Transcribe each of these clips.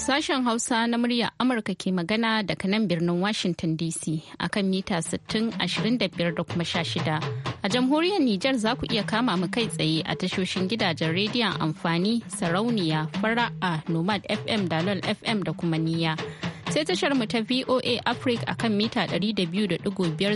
Sashen Hausa na murya Amurka ke magana daga nan birnin Washington DC a kan mita 60, 25 da kuma 16. A jamhuriyar Nijar za ku iya kama mu kai tsaye a tashoshin gidajen rediyon amfani, sarauniya, fara'a, nomad FM, dalol FM da kuma Niya. sai tashar mu ta VOA Africa akan mita 200.5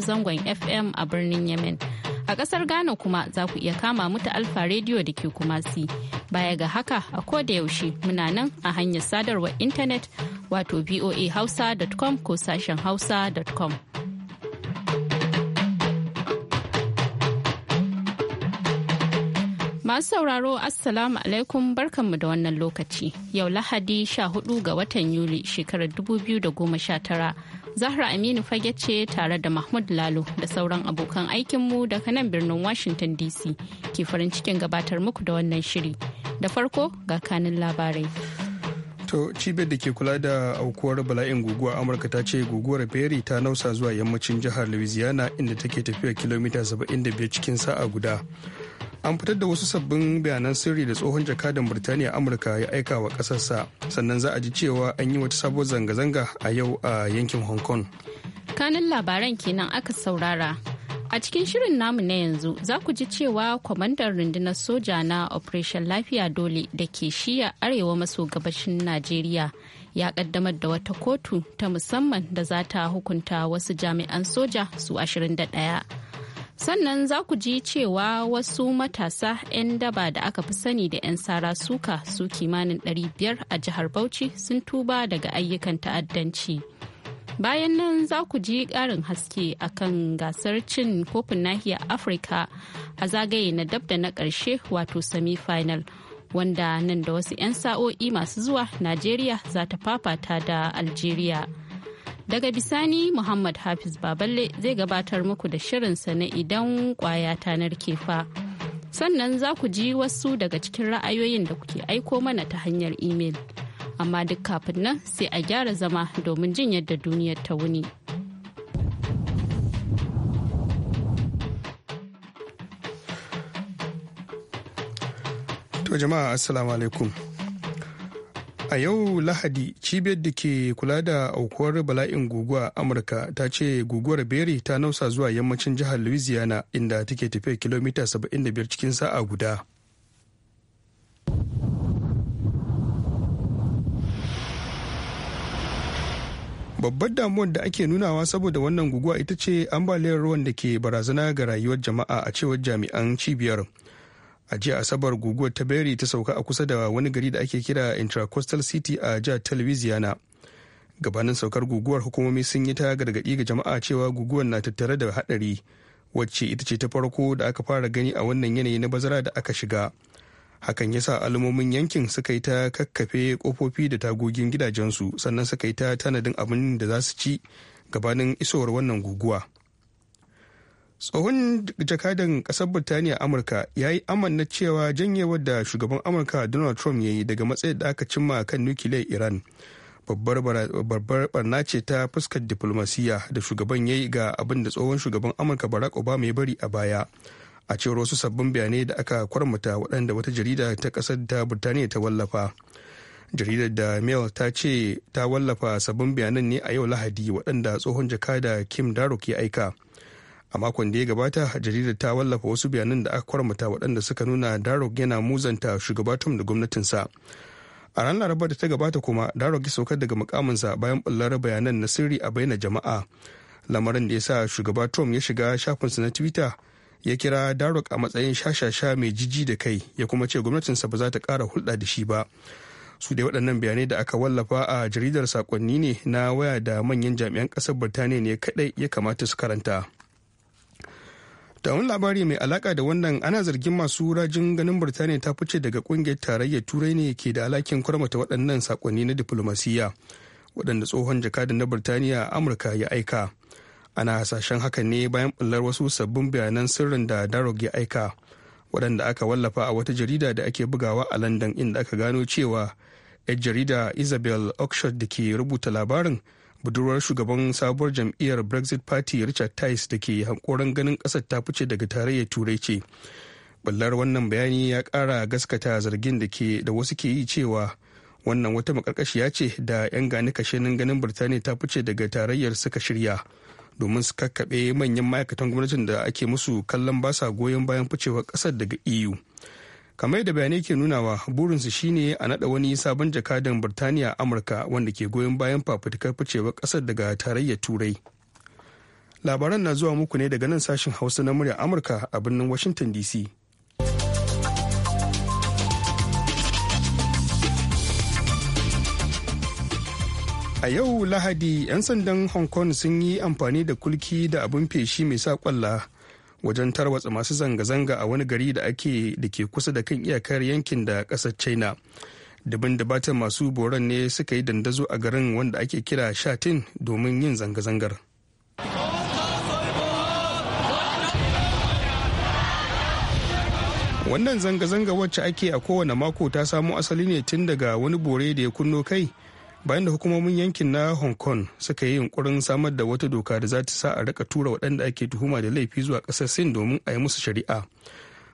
zangon FM a birnin Yemen. A ƙasar Ghana kuma za ku iya kama mu ta Alfa rediyo da ke Kumasi. Baya ga haka a da yaushe muna nan a hanyar sadarwar intanet wato voahausa.com ko sashen hausa.com. Masu sauraro Assalamu alaikum barkanmu da wannan lokaci. Yau Lahadi 14 ga watan Yuli shekarar 2019. Zahra Aminu fage ce tare da Mahmud Lalo da sauran abokan aikinmu daga nan birnin Washington DC ke farin cikin gabatar muku da wannan shiri. Da farko ga kanin labarai. To cibiyar da ke kula da aukuwar bala'in guguwa Amurka ta ce guguwar Perry ta nausa zuwa yammacin jihar Louisiana inda take tafiya kilomita 75 cikin sa'a guda. an fitar da wasu sabbin bayanan sirri da tsohon jakadan birtaniya amurka ya aika wa kasarsa sannan za a ji cewa an yi wata sabuwar zanga-zanga a yau a yankin hong kong kanin labaran kenan aka saurara a cikin shirin namu na yanzu za ku ji cewa kwamandan rundunar soja na operation lafiya dole da ke shiya arewa maso gabashin najeriya ya kaddamar da wata kotu ta musamman da za ta hukunta wasu jami'an soja su 21 sannan za ku ji cewa wasu matasa 'yan daba da aka fi sani da 'yan sara suka su kimanin 500 a jihar bauchi sun tuba daga ayyukan ta'addanci bayan nan za ku ji ƙarin haske akan gasar cin kofin nahiyar afirka a zagaye na dab da na ƙarshe wato semi-final wanda nan da wasu 'yan sa'o'i masu zuwa najeriya za ta fafata da algeria Daga bisani Muhammad Hafiz Baballe zai gabatar muku da shirinsa na idan kwaya ta narke fa. Sannan za ku ji wasu daga cikin ra'ayoyin da kuke aiko mana ta hanyar imel. Amma duk kafin nan sai a gyara zama domin jin yadda duniyar ta wuni. To jama'a Assalamu alaikum. A yau Lahadi cibiyar da ke kula da aukuwar bala'in guguwa Amurka ta ce guguwar beri ta nausa zuwa yammacin jihar Louisiana inda take tafiya kilomita 75 cikin sa'a guda. babbar damuwar da ake nunawa saboda wannan guguwa ita ce ambaliyar ruwan da ke barazana ga rayuwar jama'a a cewar jami'an cibiyar a jiya asabar guguwar ta berry ta sauka a kusa da wani gari da ake kira intracoastal city a jihar ta louisiana gabanin saukar guguwar hukumomi sun yi ta gargaɗi ga jama'a cewa guguwar na tattare da haɗari wacce ita ce ta farko da aka fara gani a wannan yanayi na bazara da aka shiga hakan ya sa alamomin yankin suka yi ta kakkafe kofofi da tagogin gidajensu sannan suka yi ta tanadin abin da za su ci gabanin isowar wannan guguwa tsohon jakadan kasar birtaniya amurka ya yi amanna cewa janyewar da shugaban amurka donald trump ya yi daga matsayin da aka cimma kan nukiliyar iran babbar barna ce ta fuskar diplomasiyya da shugaban ya yi ga abin da tsohon shugaban amurka barack obama ya bari a baya a cewar wasu sabbin bayanai da aka kwarmata waɗanda wata jarida ta ƙasar ta birtaniya ta wallafa jaridar da mail ta ce ta wallafa sabbin bayanan ne a yau lahadi waɗanda tsohon jakada kim daruk ya aika a makon da ya gabata jaridar ta wallafa wasu bayanan da aka kwarmata waɗanda suka nuna darok yana muzanta shugaba da gwamnatinsa a ranar laraba da ta gabata kuma darog ya saukar daga mukaminsa bayan bullar bayanan na sirri a bayyana jama'a lamarin da ya sa shugaba tom ya shiga shafinsa na twitter ya kira darok a matsayin shashasha mai jiji da kai ya kuma ce gwamnatinsa ba za ta ƙara hulɗa da shi ba su dai waɗannan bayanai da aka wallafa a jaridar sakonni ne na waya da manyan jami'an ƙasar birtaniya ne kaɗai ya kamata su karanta da wani labari mai alaka da wannan ana zargin masu rajin ganin birtaniya ta fice daga kungiyar tarayyar turai ne ke da alakin kwarmata waɗannan sakonni na diflomasiyya waɗanda tsohon jakadan na birtaniya amurka ya aika ana hasashen haka ne bayan ɓullar wasu sabbin bayanan sirrin da darog ya aika waɗanda aka wallafa a wata jarida da ake bugawa a london inda aka gano cewa 'yar jarida isabel oxford da ke rubuta labarin budurwar shugaban sabuwar jam'iyyar brexit party richard tice da ke hankoron ganin kasar ta fice daga tarayyar turai ce ballar wannan bayani ya kara gaskata zargin da ke da wasu ke yi cewa wannan wata makarkashiya ce da 'yan gani kashenin ganin birtaniya ta fice daga tarayyar suka shirya domin su kakkaɓe manyan ma'aikatan gwamnatin da ake musu kallon basa goyon bayan ficewar ƙasar daga eu kamar da bayanai ke nunawa burinsu shine a nada wani sabon jakadan birtaniya amurka wanda ke goyon bayan fafutukar ficewar kasar daga tarayyar turai labaran na zuwa muku ne daga nan sashen hausa na murya amurka a birnin washington dc a yau lahadi 'yan sandan hong kong sun yi amfani da kulki da abin feshi mai sa kwalla wajen tarwatsa masu zanga-zanga a wani gari da ake da ke kusa da kan iyakar yankin da ƙasar china dabin dabatan masu boron ne suka yi dandazo a garin wanda ake kira shatin domin yin zanga-zangar wannan zanga-zanga wacce ake a kowane mako ta samo asali ne tun daga wani bore da ya kunno kai bayan da hukumomin yankin na hong kong suka yi yunkurin samar da wata doka da za ta sa a rika tura waɗanda ake tuhuma da laifi zuwa ƙasar sin domin a yi musu shari'a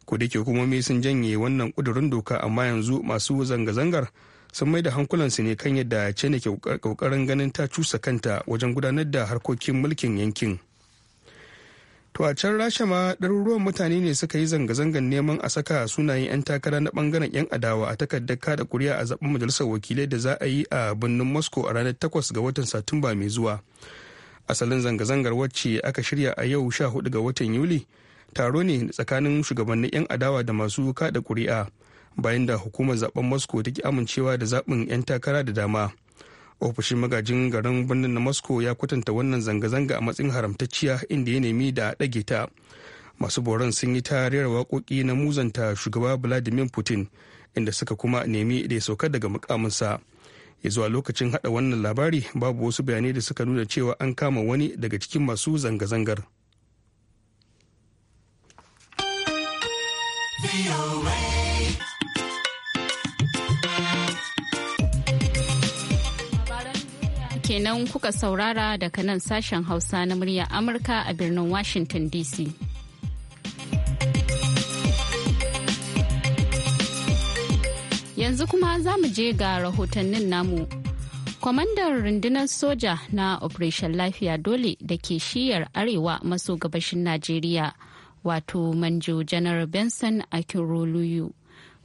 ko da hukumomi sun janye wannan ƙudurin doka amma yanzu masu zanga-zangar sun mai da hankulansu ne kan yadda china ke ƙoƙarin ganin ta cusa kanta wajen gudanar da harkokin mulkin yankin. To a can Rasha ma ɗaruruwan mutane ne suka yi zanga-zangar neman a saka sunayen 'yan takara na bangaren 'yan adawa a takardar kada kuri'a a zaben majalisar wakilai da za a yi a birnin Moscow a ranar 8 ga watan Satumba mai zuwa. Asalin zanga-zangar wacce aka shirya a yau 14 ga watan Yuli taro ne tsakanin shugabannin 'yan adawa da masu kada kuri'a bayan da hukumar zaben Moscow ta ki amincewa da zaɓin 'yan takara da dama. ofishin magajin garin birnin na moscow ya kwatanta wannan zanga-zanga a matsayin haramtacciya inda ya nemi da ɗage ta masu boron sun yi ta waƙoƙi na muzanta shugaba vladimir putin inda suka kuma nemi da ya sauka daga mukaminsa ya zuwa lokacin hada wannan labari babu wasu bayanai da suka nuna cewa an kama wani daga cikin masu zanga-zangar. kenan kuka saurara daga nan sashen Hausa na murya Amurka a birnin Washington DC. Yanzu kuma za mu je ga rahotannin namu. Kwamandan rundunar soja na Operation Lafiya Dole da ke shiyar Arewa maso gabashin Najeriya, wato Manjo Janar Benson roluyu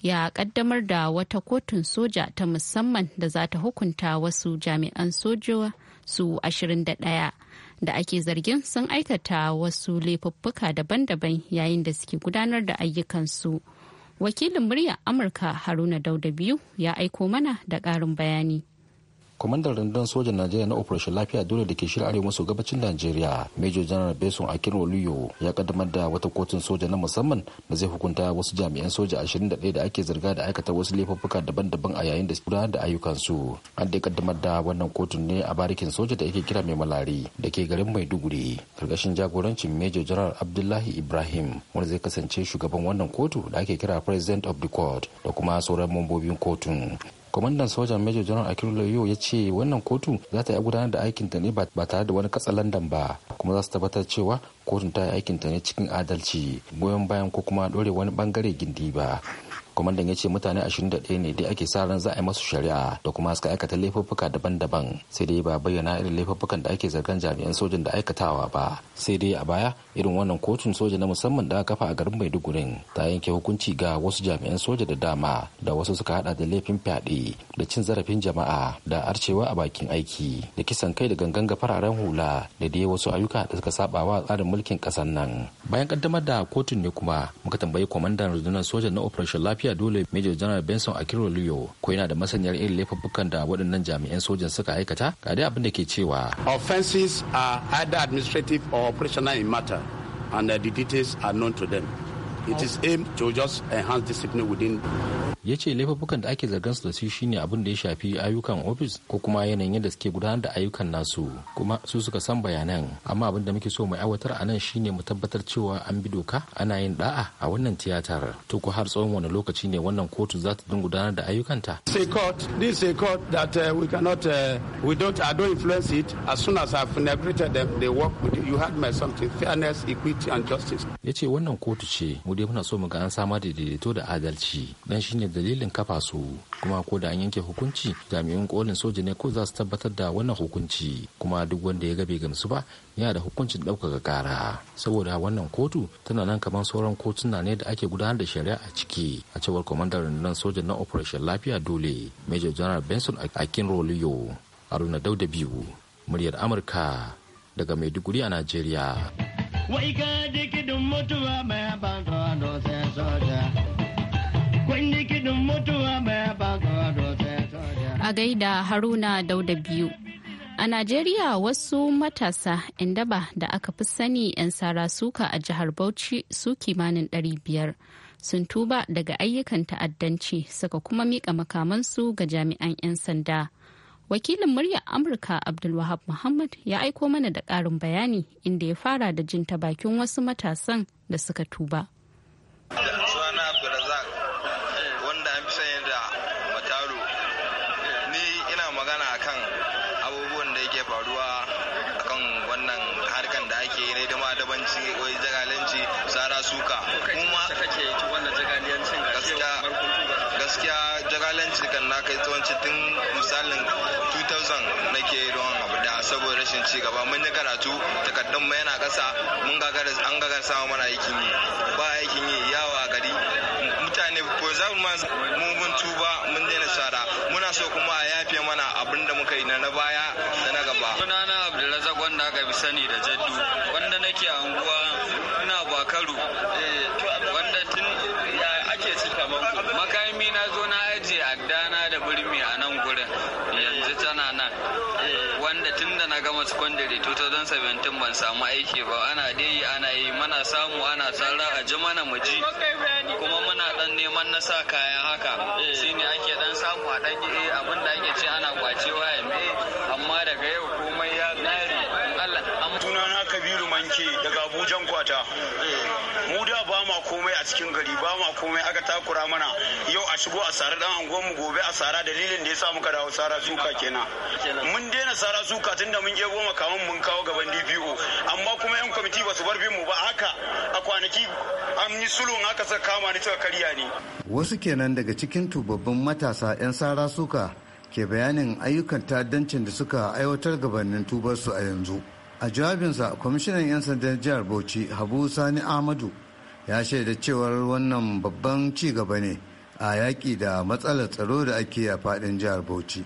ya kaddamar da wata kotun soja ta musamman da za ta hukunta wasu jami'an sojowa su 21 da ake zargin sun aikata wasu laifuffuka daban-daban yayin da suke gudanar da ayyukansu. Wakilin murya Amurka Haruna Dauda biyu ya aiko mana da ƙarin bayani. kwamandan rundunar sojan najeriya na operation lafiya dole da ke shirya arewa maso gabacin najeriya major general beson akin oluyo ya kaddamar da wata kotun soja na musamman da zai hukunta wasu jami'an soja 21 da ake zarga da aikata wasu laifuffuka daban-daban a yayin da su gudanar da ayyukansu an ya kaddamar da wannan kotun ne a barikin soja da ake kira mai malari da ke garin maiduguri karkashin jagorancin major general abdullahi ibrahim wanda zai kasance shugaban wannan kotu da ake kira president of the court da kuma sauran mambobin kotun kwamandan sojan major general akiru loyo ya ce wannan kotu za ta yi gudanar da aikin ta ne ba tare da wani katsalandan ba kuma za su tabbatar cewa kotun ta yi aikin ta ne cikin adalci goyon bayan ko kuma ɗore wani bangare gindi ba kwamandan ya ce mutane 21 ne dai ake sa ran za a yi masu shari'a da kuma suka aikata laifuffuka daban-daban sai dai ba bayyana irin laifuffukan da ake zargan jami'an sojan da aikatawa ba sai dai a baya irin wannan kotun soja na musamman da aka kafa a garin maiduguri ta yanke hukunci ga wasu jami'an soja da dama da wasu suka hada da laifin fyaɗe da cin zarafin jama'a da arcewa a bakin aiki da kisan kai da gangan ga fararen hula da dai wasu ayyuka da suka saba wa tsarin mulkin ƙasar nan bayan kaddamar da kotun ne kuma muka tambayi kwamandan rundunar soja na operation lafiya lafiya dole major general benson Luyo ko yana da masaniyar irin laifuffukan da waɗannan jami'an sojan suka aikata ga dai abin da ke cewa offenses are either administrative or operational in matter and the details are known to them It is aimed to just enhance discipline within ya ce laifukan da ake zargan su da su shine abin da ya shafi ayyukan ofis ko kuma yanayin yadda suke gudanar da ayyukan nasu kuma su suka san bayanan amma abin da muke so mu aiwatar a nan shine mu tabbatar cewa an bi doka ana yin da'a a wannan tiyatar to ko har tsawon wani lokaci ne wannan kotu za ta dinga gudanar da ayyukanta say court this is a court that uh, we cannot uh, we don't I don't influence it as soon as I've inaugurated them they work with you had my something fairness equity and justice ya ce wannan kotu ce mu dai muna so mu ga an samar da daidaito da adalci dan shine dalilin kafa su kuma ko da an yanke hukunci jami'an kolin soja ne ko za su tabbatar da wannan hukunci kuma duk wanda ya ga bai gamsu ba yana da hukuncin ɗaukaka kara saboda wannan kotu tana nan kamar sauran kotuna ne da ake gudanar da shari'a a ciki a cewar kwamandan rundunar soja na operation lafiya dole major general benson akin roliyo aruna dauda biyu muryar amurka daga maiduguri a najeriya wai ka ji mutuwa mai banka sai soja mutuwa mai banka sai soja a gaida haruna dauda biyu A Najeriya wasu matasa 'yan daba da aka fi sani 'yan sara suka a jihar Bauchi su kimanin 500 sun tuba daga ayyukan ta'addanci suka kuma miƙa makamansu ga jami'an 'yan sanda wakilin muryar amurka abdulwahab muhammad ya aiko mana da ƙarin bayani inda ya fara da jin bakin wasu matasan da suka tuba hakan na kai tsohon cikin misalin 2000 ke don abu da saboda rashin ci gaba mun yi karatu takardun mu yana kasa mun gagara an gagara samu mana aikin yi ba aikin yi yawa gari mutane ko za mu mun tuba mun daina shara muna so kuma a yafe mana abin da muka yi na baya da na gaba sunana abdulrazak wanda aka fi sani da jaddu 2017 ban samu aiki ba ana dai ana yi mana samu ana tsara a ji mana muji kuma muna dan neman na sa kayan haka eh. shine ake dan samu a dan abin da ake ce ana kwacewa cikin gari ba ma komai aka takura mana yau a shigo a sara dan anguwanmu gobe a sara dalilin da ya sa muka dawo sara suka kenan mun daina sara suka tunda mun je goma kamun mun kawo gaban DPO amma kuma yan kwamiti ba su bar bin mu ba haka a kwanaki an yi sulun haka saka kama ni cewa karya ne wasu kenan daga cikin tubabbin matasa yan sara suka ke bayanin ayyukan ta'addancin da suka aiwatar gabanin tubarsu a yanzu a jawabinsa kwamishinan 'yan sandan jihar bauchi habu sani ahmadu ya shaida cewar wannan babban ci gaba ne a yaƙi da matsalar tsaro da ake a faɗin jihar Bauchi.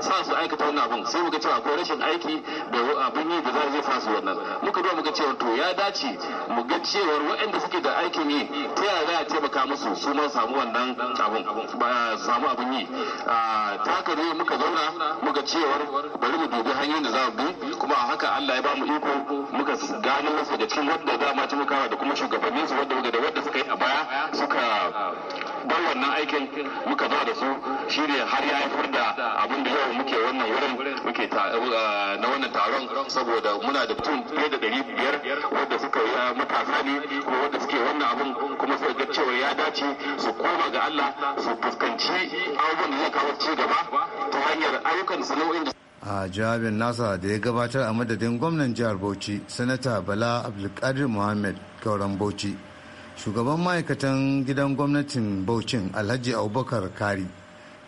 sa su aikata wannan abin sai muka cewa akwai rashin aiki da abin yi da za zai sa su wannan muka duba muka cewa to ya dace mu ga cewar waɗanda suke da aikin yi ta yaya za a taimaka musu su ma samu wannan abin ba samu abin yi ta haka ne muka zauna muka cewar bari mu dubi hanyoyin da za mu bi kuma a haka Allah ya ba mu iko muka gano wasu da cikin wanda za mu taimakawa da kuma shugabanninsu wanda da wanda suka yi a baya suka don wannan aikin muka zo da su shine har ya haifar da abin da yau muke wannan wurin muke eh, uh, na wannan taron saboda muna da mutum fiye da ɗari biyar wadda suka yi matasa ne kuma wadda suke wannan abin kuma suka ga cewa ya dace su koma ga Allah su fuskanci abubuwan da zai kawo ci gaba ta hanyar ayyukan su da a jawabin nasa da ya gabatar a madadin gwamnan jihar bauchi sanata bala abdulkadir muhammad kauran bauchi shugaban ma'aikatan gidan gwamnatin baucin alhaji abubakar kari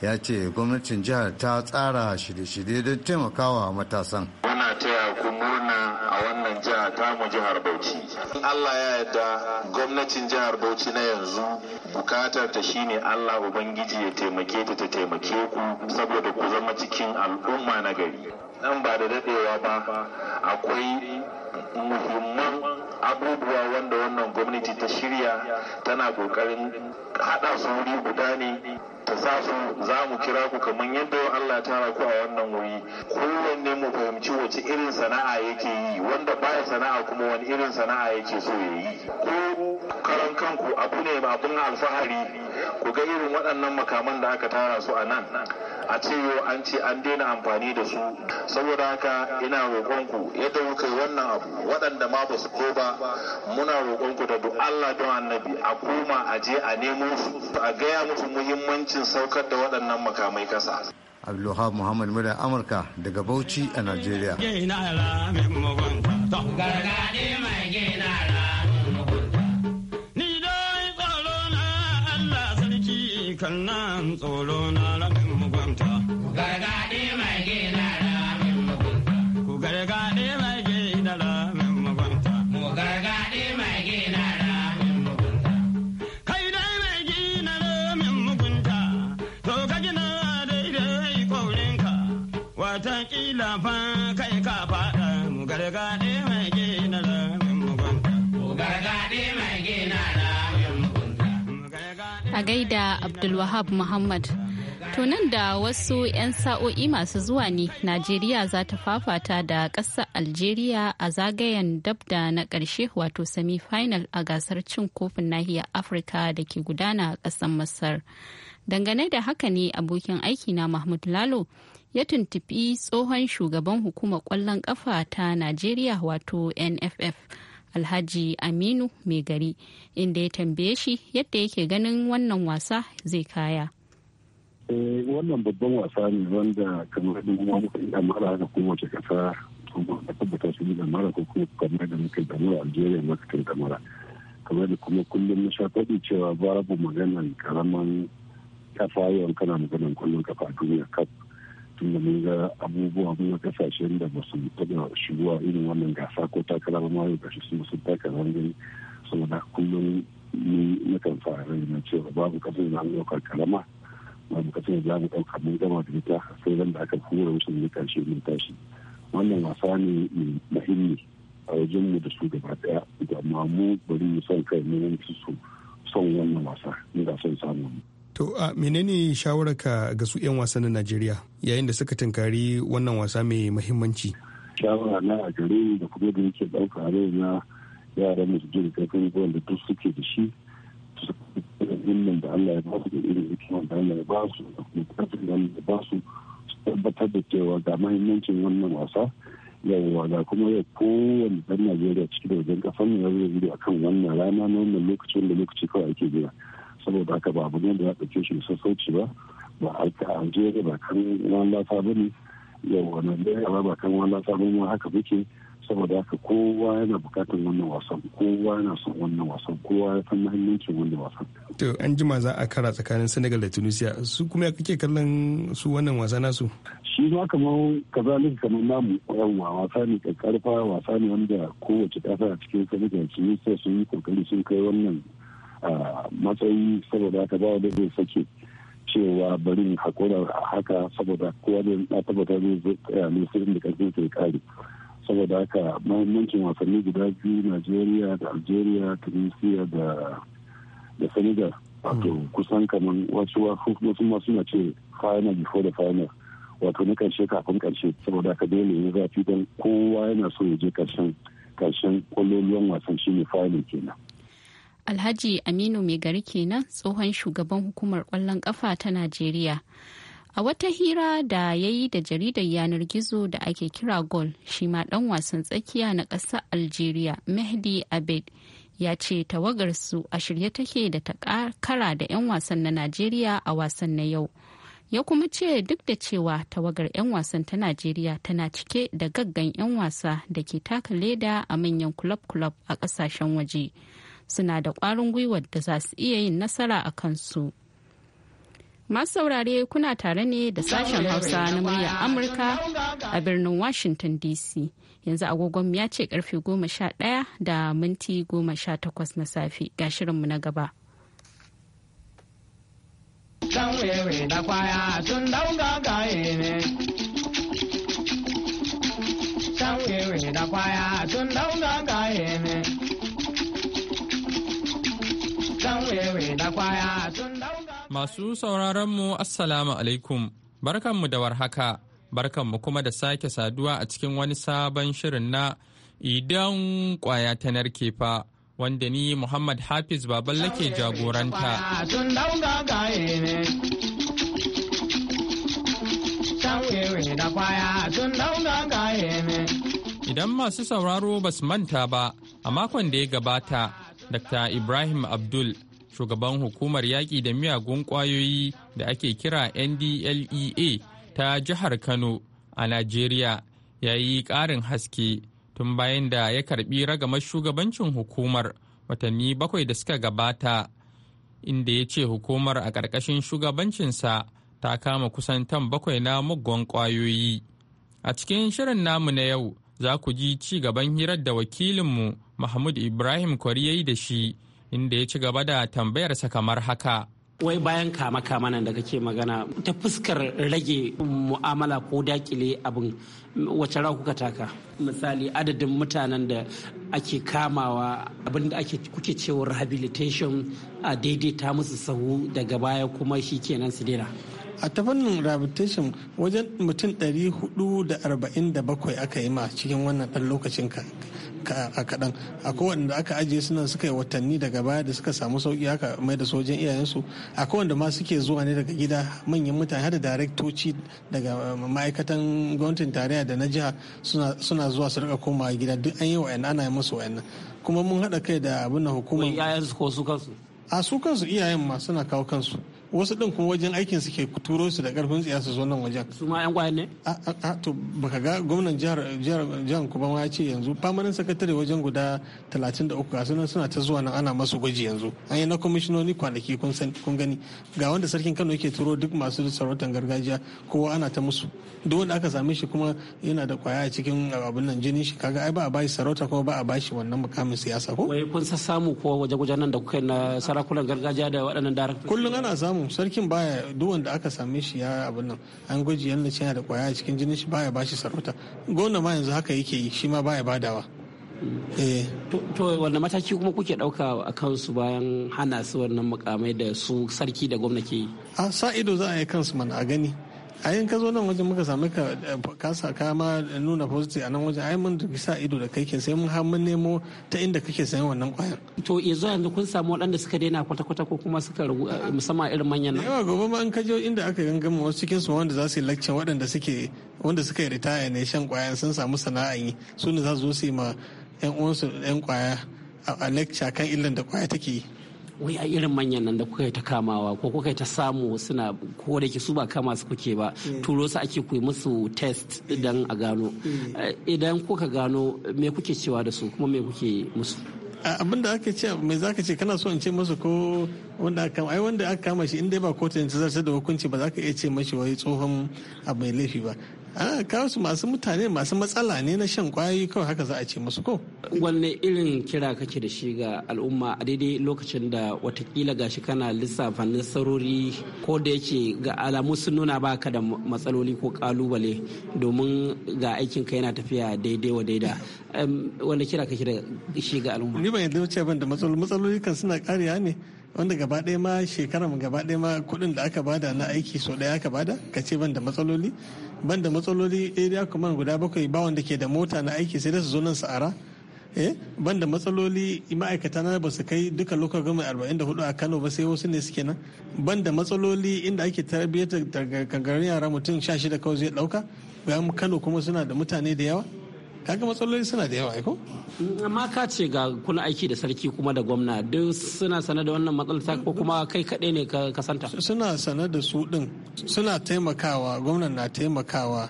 ya ce gwamnatin jihar ta tsara shirye-shirye don taimakawa matasan muna taya ku a wannan jiha mu jihar bauchi allah ya yarda gwamnatin jihar bauchi na yanzu bukatar ta shine allah ubangiji ya taimake ta ta taimake ku saboda ku zama cikin al'umma na gari nan ba da dadewa ba akwai muhimman abubuwa wanda wannan gwamnati ta shirya tana ƙoƙarin haɗa su wuri guda ne ta sa su za mu kira ku kamar yadda Allah tara ku a wannan wuri kowanne mu fahimci wace irin sana'a yake yi wanda baya sana'a kuma wani irin sana'a yake so ya yi ko karan kanku abu ne abun alfahari ku ga irin waɗannan makaman da aka tara su a nan a ce yau an ce an daina amfani da su saboda haka ina roƙonku yadda kuka yi wannan abu waɗanda ma ba su ko ba muna roƙonku da duk Allah don annabi a koma a je a nemo su a gaya musu muhimmanci rashin saukar da waɗannan makamai ƙasa. Abdullahi Muhammad Mura Amurka daga Bauchi a nigeria. tsoro ramin mugunta. Ku gargaɗe mai gina ramin mugunta. Ku gargaɗe gaida Abdulwahab Muhammad. To nan da wasu 'yan sa'o'i masu zuwa ne, Najeriya za ta fafata da ƙasar Algeria a zagayen dabda na ƙarshe wato semi-final a gasar cin kofin nahiyar Afirka da ke gudana a ƙasar Masar. Dangane da haka ne abokin aikina Mahmud Lalo ya tuntubi tsohon shugaban hukumar ƙwallon ƙafa ta Najeriya wato NFF. alhaji aminu mai gari inda ya tambaye shi yadda yake ganin wannan wasa zai kaya eh, wannan babban wasa ne wanda kamar da kuma muka yi amara da kowace kasa kuma a tabbata su yi damara ko kuma kamar da muka yi damara algeria muka kai damara kamar da kuma kullum na shafaɗi cewa cewa babu maganan karaman kafa yawan kana maganan kullum kafa a duniya kaf tun mun ga abubuwa mun ga kasashen da ba su taɓa shigowa irin wannan gasa ko takara ba ma yau gashi su sun taka gani saboda kullum ni na kan fara na cewa babu kasar da an ɗauka karama babu kasar da za mu mun gama da ita sai ran da aka kura musu ne karshe mun tashi wannan wasa ne mai muhimmi a wajen mu da su gaba ɗaya da mu bari mu son kai mun su son wannan wasa mu da son samun mu. To a menene shawararka ga su 'yan wasan na Najeriya yayin da suka tunkari wannan wasa mai muhimmanci? Shawara na a gare da kuma da yake ɗauka a rai na yara masu jin kaifin ruwan da duk suke da shi su kuma da Allah ya ba su da irin hikimar wanda Allah ya ba su da kuma ƙarfin da Allah ya ba su su tabbatar da cewa ga muhimmancin wannan wasa yawwa ga kuma ya kowane ɗan Najeriya ciki da wajen kafan ya zo a akan wannan rana na wannan lokacin da lokaci kawai ake jira. saboda haka ba abu ne da ya ɗauke shi sassauci ba ba a Algeria ba kan wani lasa ba ne yau a ba kan wani lasa ba ne haka muke saboda haka kowa yana bukatar wannan wasan kowa yana son wannan wasan kowa ya san mahimmancin wannan wasan. To an jima za a kara tsakanin Senegal da Tunisia su kuma ya kake kallon su wannan wasa nasu? Shi ma kamar kazalik kamar namu wa wasa ne karfa wasa ne wanda kowace kasa a cikin Senegal Tunisia sun yi kokari sun kai wannan a matsayi saboda haka ba da zai sake cewa bari haƙura haka saboda kowa na tabbatar zai tsaya ne sai inda sai kare saboda haka mahimmancin wasanni guda biyu najeriya da algeria tunisia da da senegal wato hmm. kusan kamar wasu wasu masu na ce final before the final wato na karshe kafin karshe saboda haka dole ne zafi don kowa yana so ya je karshen karshen kwallon wasan shine final kenan Alhaji Aminu Mai gari kenan tsohon shugaban hukumar kwallon kafa ta Najeriya. A wata hira da ya yi da jaridar yanar gizo da ake kira Gol, shi ma ɗan wasan tsakiya na ƙasar Algeria, Mehdi Abed, ya ce tawagarsu a shirye take da ta kara da 'yan wasan na Najeriya a wasan na yau. Ya kuma ce duk da cewa tawagar 'yan wasan ta Najeriya tana cike da gaggan 'yan wasa da ke taka leda a manyan kulab-kulab a ƙasashen waje. suna da ƙwarin gwiwar da za su iya yin nasara a kansu. Masu saurare kuna tare ne da sashen Hausa na muryar Amurka a birnin Washington DC. Yanzu agogon ya ce karfe goma sha ɗaya da minti goma sha takwas na safe ga shirinmu na gaba. Can da kwaya tun Masu sauraron mu Assalamu alaikum, barkanmu da warhaka, barkanmu kuma da sake saduwa a cikin wani sabon shirin na idan kwaya ta narke fa. Wanda ni Muhammad Hafiz Baballe ke jagoranta. Idan masu sauraro basu manta ba, a makon da ya gabata, Dr. Ibrahim Abdul shugaban hukumar yaƙi da miyagun ƙwayoyi da ake kira ndlea ta jihar kano a najeriya ya yi ƙarin haske tun bayan da ya karbi ragamar shugabancin hukumar watanni bakwai da suka gabata inda ya ce hukumar a ƙarƙashin shugabancinsa ta kama kusan tan bakwai na muggan ƙwayoyi a cikin shirin namu na yau za ku ji ci gaban hirar da wakilinmu mahmud ibrahim kwari ya da shi inda ya ci gaba da tambayarsa kamar haka. wai bayan kama kama nan da kake magana ta fuskar rage mu'amala ko dakile abin wace ra kuka taka misali adadin mutanen da ake kamawa abin da ake kuke cewa rehabilitation a daidaita musu sahu daga baya kuma shi kenan su daina a ta fannin rehabilitation wajen mutum 447 aka yi ma cikin wannan ɗan lokacin ka a kaɗan kowane wanda aka ajiye suna suka yi watanni daga baya da suka samu sauki aka mai da sojan iyayensu a kowane wanda ma suke zuwa ne daga gida manyan mutane har da daraktoci daga um, ma'aikatan gwamnatin tarayya da na jiha suna zuwa su rika komawa gida duk an yi wa'yan ana yi musu wa'yan kuma mun haɗa kai da abin na hukumar iyayensu ko su kansu a su kansu iyayen ma suna kawo kansu wasu ɗin kuma wajen aikin suke turo su da karfin tsiya su zo nan wajen su ma yan kwayan ne a to baka ga gwamnan jihar jihar kuma ma ya ce yanzu famanin sakatare wajen guda 33 ga sunan suna ta zuwa nan ana masu gwaji yanzu an yi na kwamishinoni kwanaki kun san kun gani ga wanda sarkin Kano yake turo duk masu sarautar gargajiya kowa ana ta musu duk wanda aka same shi kuma yana da kwaya a cikin abin nan jinin shi kaga ai ba a bashi sarauta kuma ba a bashi wannan mukamin siyasa ko wai kun samu ko waje-wajen nan da kuka na sarakunan gargajiya da waɗannan darakta kullum ana samu samu sarkin baya duk wanda aka same shi ya abin nan an gwaji yana yana da kwaya a cikin jinin shi baya bashi sarauta gona ma yanzu haka yake yi shi ma baya badawa eh. to wanda mataki kuma kuke dauka a kansu bayan hana su wannan mukamai da su sarki da gwamna ke yi a sa ido za a yi kansu mana a gani a yin ka zo nan wajen muka sami kasa eh, kama nuna positive a nan wajen ai mun dubi sa ido da kai ke sai mun har mun nemo ta inda kake sayan wannan kwayar to yanzu yanzu kun samu waɗanda suka daina kwata kwata ko kuma suka ragu eh, musamman irin manyan nan yawa gobe ma an ka je inda aka gangama wasu cikin su wanda za su yi lecture waɗanda suke wanda suka yi ritaya ne shan kwayar sun samu sana'a yi su ne za su zo su yi ma yan uwansu yan kwaya a lecture kan illan da kwaya take yi wai a irin manyan nan da kuka yi ta kamawa ko kuka yi ta samu suna ko da ke su ba kama su kuke ba mm. turo su ake koyi musu test idan a gano mm. eh, idan kuka gano me kuke cewa da su kuma me kuke musu abin da aka ce me za ka ce kana so in ce musu ko wanda aka kama ai wanda aka kama shi in dai ba kotun ta zartar da hukunci ba za ka iya ce mashi wai tsohon abu mai laifi ba a ah, kawo su masu mutane masu matsala ne na shan kwayoyi kawai haka za a ce musu ko wanne irin kira kake da shi ga al'umma a daidai lokacin da watakila gashi kana lissafa nasarori ko da yake ga alamu sun nuna baka da matsaloli ko kalubale domin ga aikin ka yana tafiya daidai wa daida wanda kira kake da shi ga al'umma ni ban yadda wuce ban da matsaloli matsaloli kan suna kariya ne wanda gaba ɗaya ma mu gaba ɗaya ma kuɗin da aka bada na aiki so ɗaya aka bada ka ce ban da matsaloli banda matsaloli area command guda bakwai ba wanda ke da mota na aiki sai da su zo nan sa'ara eh banda matsaloli ma'aikata na ba su kai duka local government 44 a Kano ba sai wasu ne suke nan banda matsaloli inda ake tarbiyyar daga kangarin yara mutum 16 kawai zai dauka bayan Kano kuma suna da mutane da yawa kaga matsaloli suna da yawa aiko amma ka ce ga kuna aiki da sarki kuma da gwamna duk suna sanar da wannan matsalata ko kuma kai kaɗai ne ka santa suna sanar da su din suna taimakawa gwamnan na taimakawa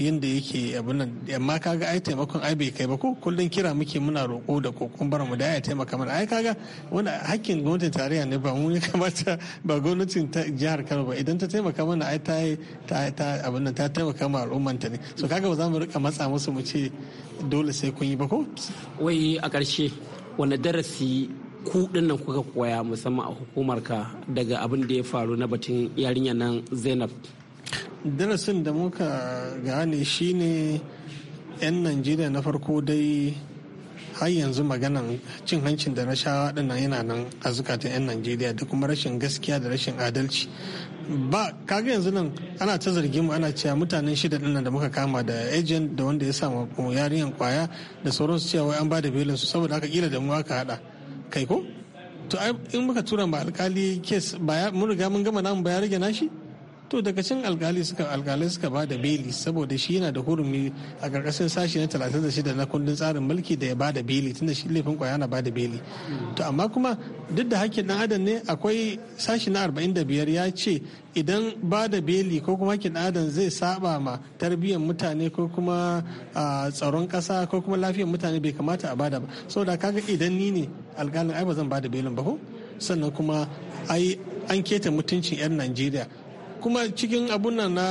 yadda yake abin nan amma kaga ai taimakon ai bai kai ba ko kullun kira muke muna roƙo da kokon bara mu da ya taimaka mana ai kaga wanda hakkin gwamnatin tarayya ne ba mu ya kamata ba gwamnatin jihar Kano ba idan ta taimaka mana ai ta ta ta abin nan ta taimaka ma ta ne so kaga ba za mu rika matsa musu mu ce dole sai kun yi ba ko wai a ƙarshe wani darasi ku nan kuka koya musamman a hukumar ka daga abin da ya faru na batun yarinya nan Zainab darasin da muka gane shine 'yan najeriya na farko dai har yanzu maganan cin hancin da na sha dinnan yana nan a zukatan 'yan najeriya da kuma rashin gaskiya da rashin adalci ba kaga yanzu nan ana ta zargin mu ana cewa mutanen shida nan da muka kama da agent da wanda ya samu yarinyar kwaya da sauransu cewa wai an bada da belin su saboda aka kila da mu aka hada kai ko to in muka tura ma alkali kes ba mun riga mun gama namu ba ya rage nashi to daga cin alkali suka alkalai suka ba da beli saboda shi yana da hurumi a karkashin sashi na 36 na kundin tsarin mulki da ya ba da beli tunda shi laifin kwaya na ba da beli to amma kuma duk da hakkin dan adam ne akwai sashi na 45 ya ce idan ba da beli ko kuma hakkin dan adam zai saba ma tarbiyyar mutane ko kuma tsaron kasa ko kuma lafiyar mutane bai kamata a bada ba saboda kaga idan ni ne alkalin ai ba zan ba da belin ba ko sannan kuma ai an keta mutuncin 'yan najeriya kuma cikin abun nan na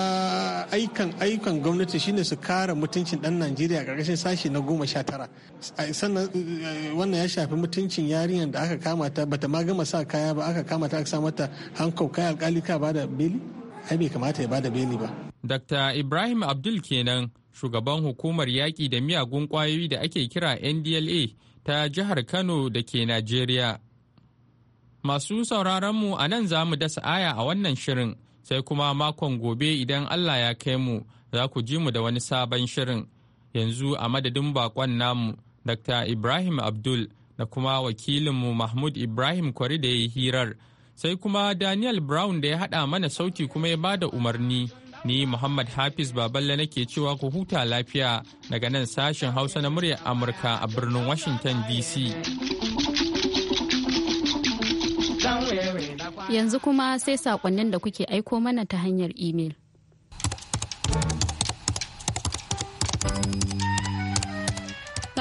aikan aikan gwamnati shine su kare mutuncin dan najeriya karkashin sashi na goma sha tara sannan eh, wannan ya shafi mutuncin yarinyar da aka kama ta bata ma gama sa kaya ba aka kama ta aka samu mata hankau kai alkali ka bada beli ai bai kamata ya bada beli ba dr ibrahim abdul kenan shugaban hukumar yaƙi da miyagun ƙwayoyi da ake kira ndla ta jihar kano da ke najeriya masu sauraron mu a nan za mu dasa aya a wannan shirin sai kuma makon gobe idan Allah ya kai mu za ku ji mu da wani sabon shirin yanzu a madadin bakon namu Dr. Ibrahim Abdul da kuma wakilinmu Mahmud Ibrahim Kwari da ya yi hirar sai kuma Daniel Brown da ya haɗa mana sauti kuma ya bada umarni ni Muhammad Hafiz Baballe nake cewa ku huta lafiya daga nan sashen Hausa na muryar Amurka a birnin Washington DC. Yanzu kuma sai saƙonnin da kuke aiko mana ta hanyar imel.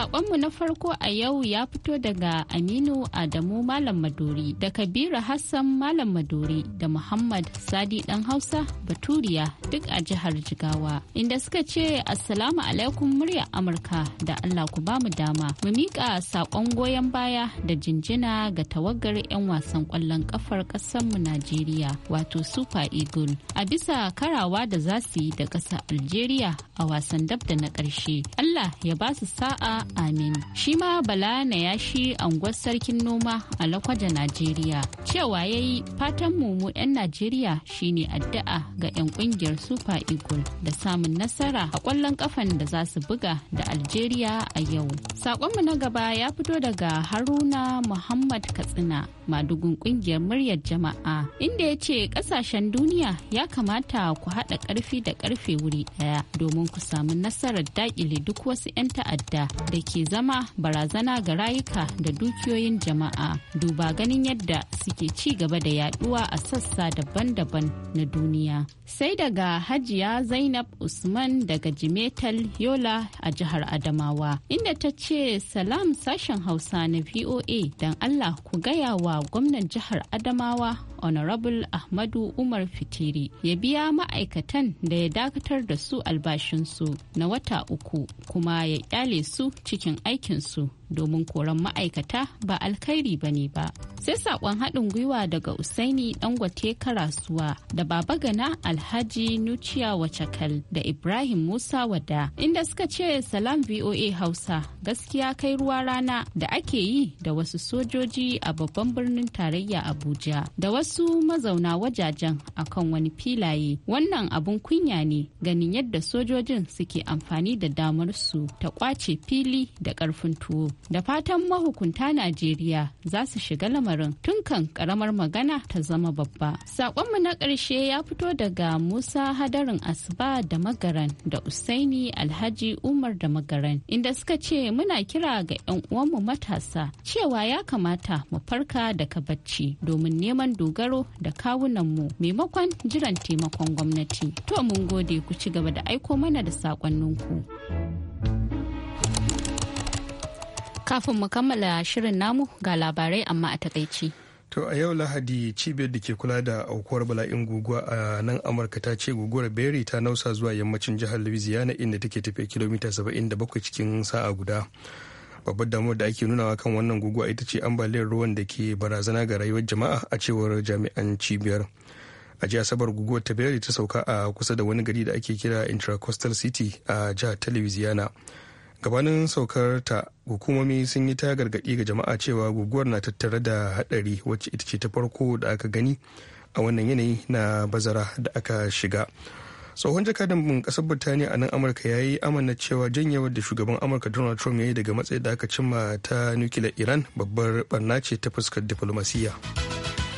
Sakonmu na farko a yau ya fito daga Aminu Adamu Malam maduri da Kabiru Hassan Malam maduri da Muhammad Sadi Dan Hausa Baturiya duk a jihar Jigawa. Inda suka ce Assalamu alaikum murya Amurka da Allah ku ba mu dama. Mu miƙa saƙon goyon baya da jinjina ga tawagar 'yan wasan ƙwallon ƙafar ƙasarmu Najeriya wato Super Eagle. A bisa karawa da za su yi da ƙasa Algeria a wasan dab da na ƙarshe. Allah ya ba su sa'a amin shi ma bala na yashi anguwar sarkin noma a lakwaja najeriya cewa ya yi fatan mu 'yan najeriya shine addu'a ga 'yan kungiyar super eagle da samun nasara a kwallon kafan da za su buga da algeria a yau saƙonmu na gaba ya fito daga haruna muhammad katsina madugun kungiyar muryar jama'a inda ya ce kasashen duniya ya kamata ku haɗa ƙarfi da ƙarfe wuri ɗaya domin ku samu nasarar daƙile duk wasu 'yan ta'adda da ke zama barazana ga rayuka da dukiyoyin jama'a duba ganin yadda suke ci gaba da yaduwa a sassa daban-daban na duniya sai daga hajiya zainab usman daga jimetal yola a jihar adamawa inda ta ce salam sashen hausa na voa don allah ku gaya wa gwamnan jihar Adamawa honorable ahmadu umar fitiri ya biya ma'aikatan da ya dakatar da su albashinsu na wata uku kuma ya kyale su cikin aikinsu domin koran ma'aikata ba alkhairi ba ne ba sai saƙon haɗin gwiwa daga usaini dangote karasuwa da baba gana alhaji nuciya wacakal da ibrahim musa wada inda suka ce salam voa hausa gaskiya kai ruwa rana da ake yi da wasu sojoji a babban birnin tarayya abuja da wasu wasu mazauna wajajen akan wani filaye wannan abun kunya ne ganin yadda sojojin suke amfani da damar su ta kwace fili da karfin tuwo da fatan mahukunta najeriya za su shiga lamarin tun kan karamar magana ta zama babba saƙonmu na ƙarshe ya fito daga musa hadarin asuba da magaran da usaini alhaji umar da magaran inda suka ce muna kira ga 'yan uwanmu matasa cewa ya kamata mu farka daga bacci domin neman dogaro dogaro da kawunan mu maimakon jiran taimakon gwamnati. To mun gode ku ci gaba da aiko mana da saƙonninku. Kafin mu kammala shirin namu ga labarai amma a takaici. To a yau Lahadi cibiyar da ke kula da aukuwar bala'in guguwa a nan Amurka ta ce guguwar Berry ta nausa zuwa yammacin jihar Louisiana inda take tafiya kilomita 77 cikin sa'a guda. babbar damuwar da ake nunawa kan wannan guguwa ita ce ambaliyar ruwan da ke barazana ga rayuwar jama'a a cewar jami'an cibiyar a jiya sabar guguwar ta biyar ta sauka a kusa da wani gari da ake kira intracoastal city a jihar ta gabanin saukar ta hukumomi sun yi ta gargaɗi ga jama'a cewa guguwar na tattare da haɗari wacce ita ce ta farko da aka gani a wannan yanayi na bazara da aka shiga tsohon jakadan kasar birtaniya a nan amurka ya yi amana cewa janyewar da shugaban amurka donald trump ya yi daga matsayi da aka cimma ta nukiliyar iran babbar barna ce ta fuskar diflomasiyya.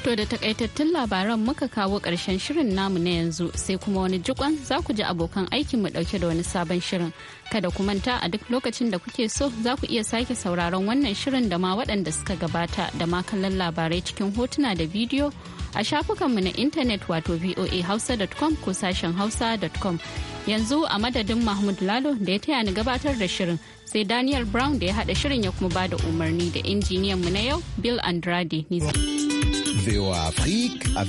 To da takaitattun labaran muka kawo karshen shirin namu na yanzu sai kuma wani jikon za ku ji abokan aikin mu ɗauke da wani sabon shirin. Kada ku manta a duk lokacin da kuke so za ku iya sake sauraron wannan shirin da ma waɗanda suka gabata da ma kallon labarai cikin hotuna da bidiyo a shafukanmu na intanet wato voahausa.com ko sashen hausa.com yanzu a madadin mahmud lalo da ya taya ni gabatar da shirin sai daniel brown da ya haɗa shirin ya kuma ba da umarni da injiniyanmu na yau bill andrade. VOA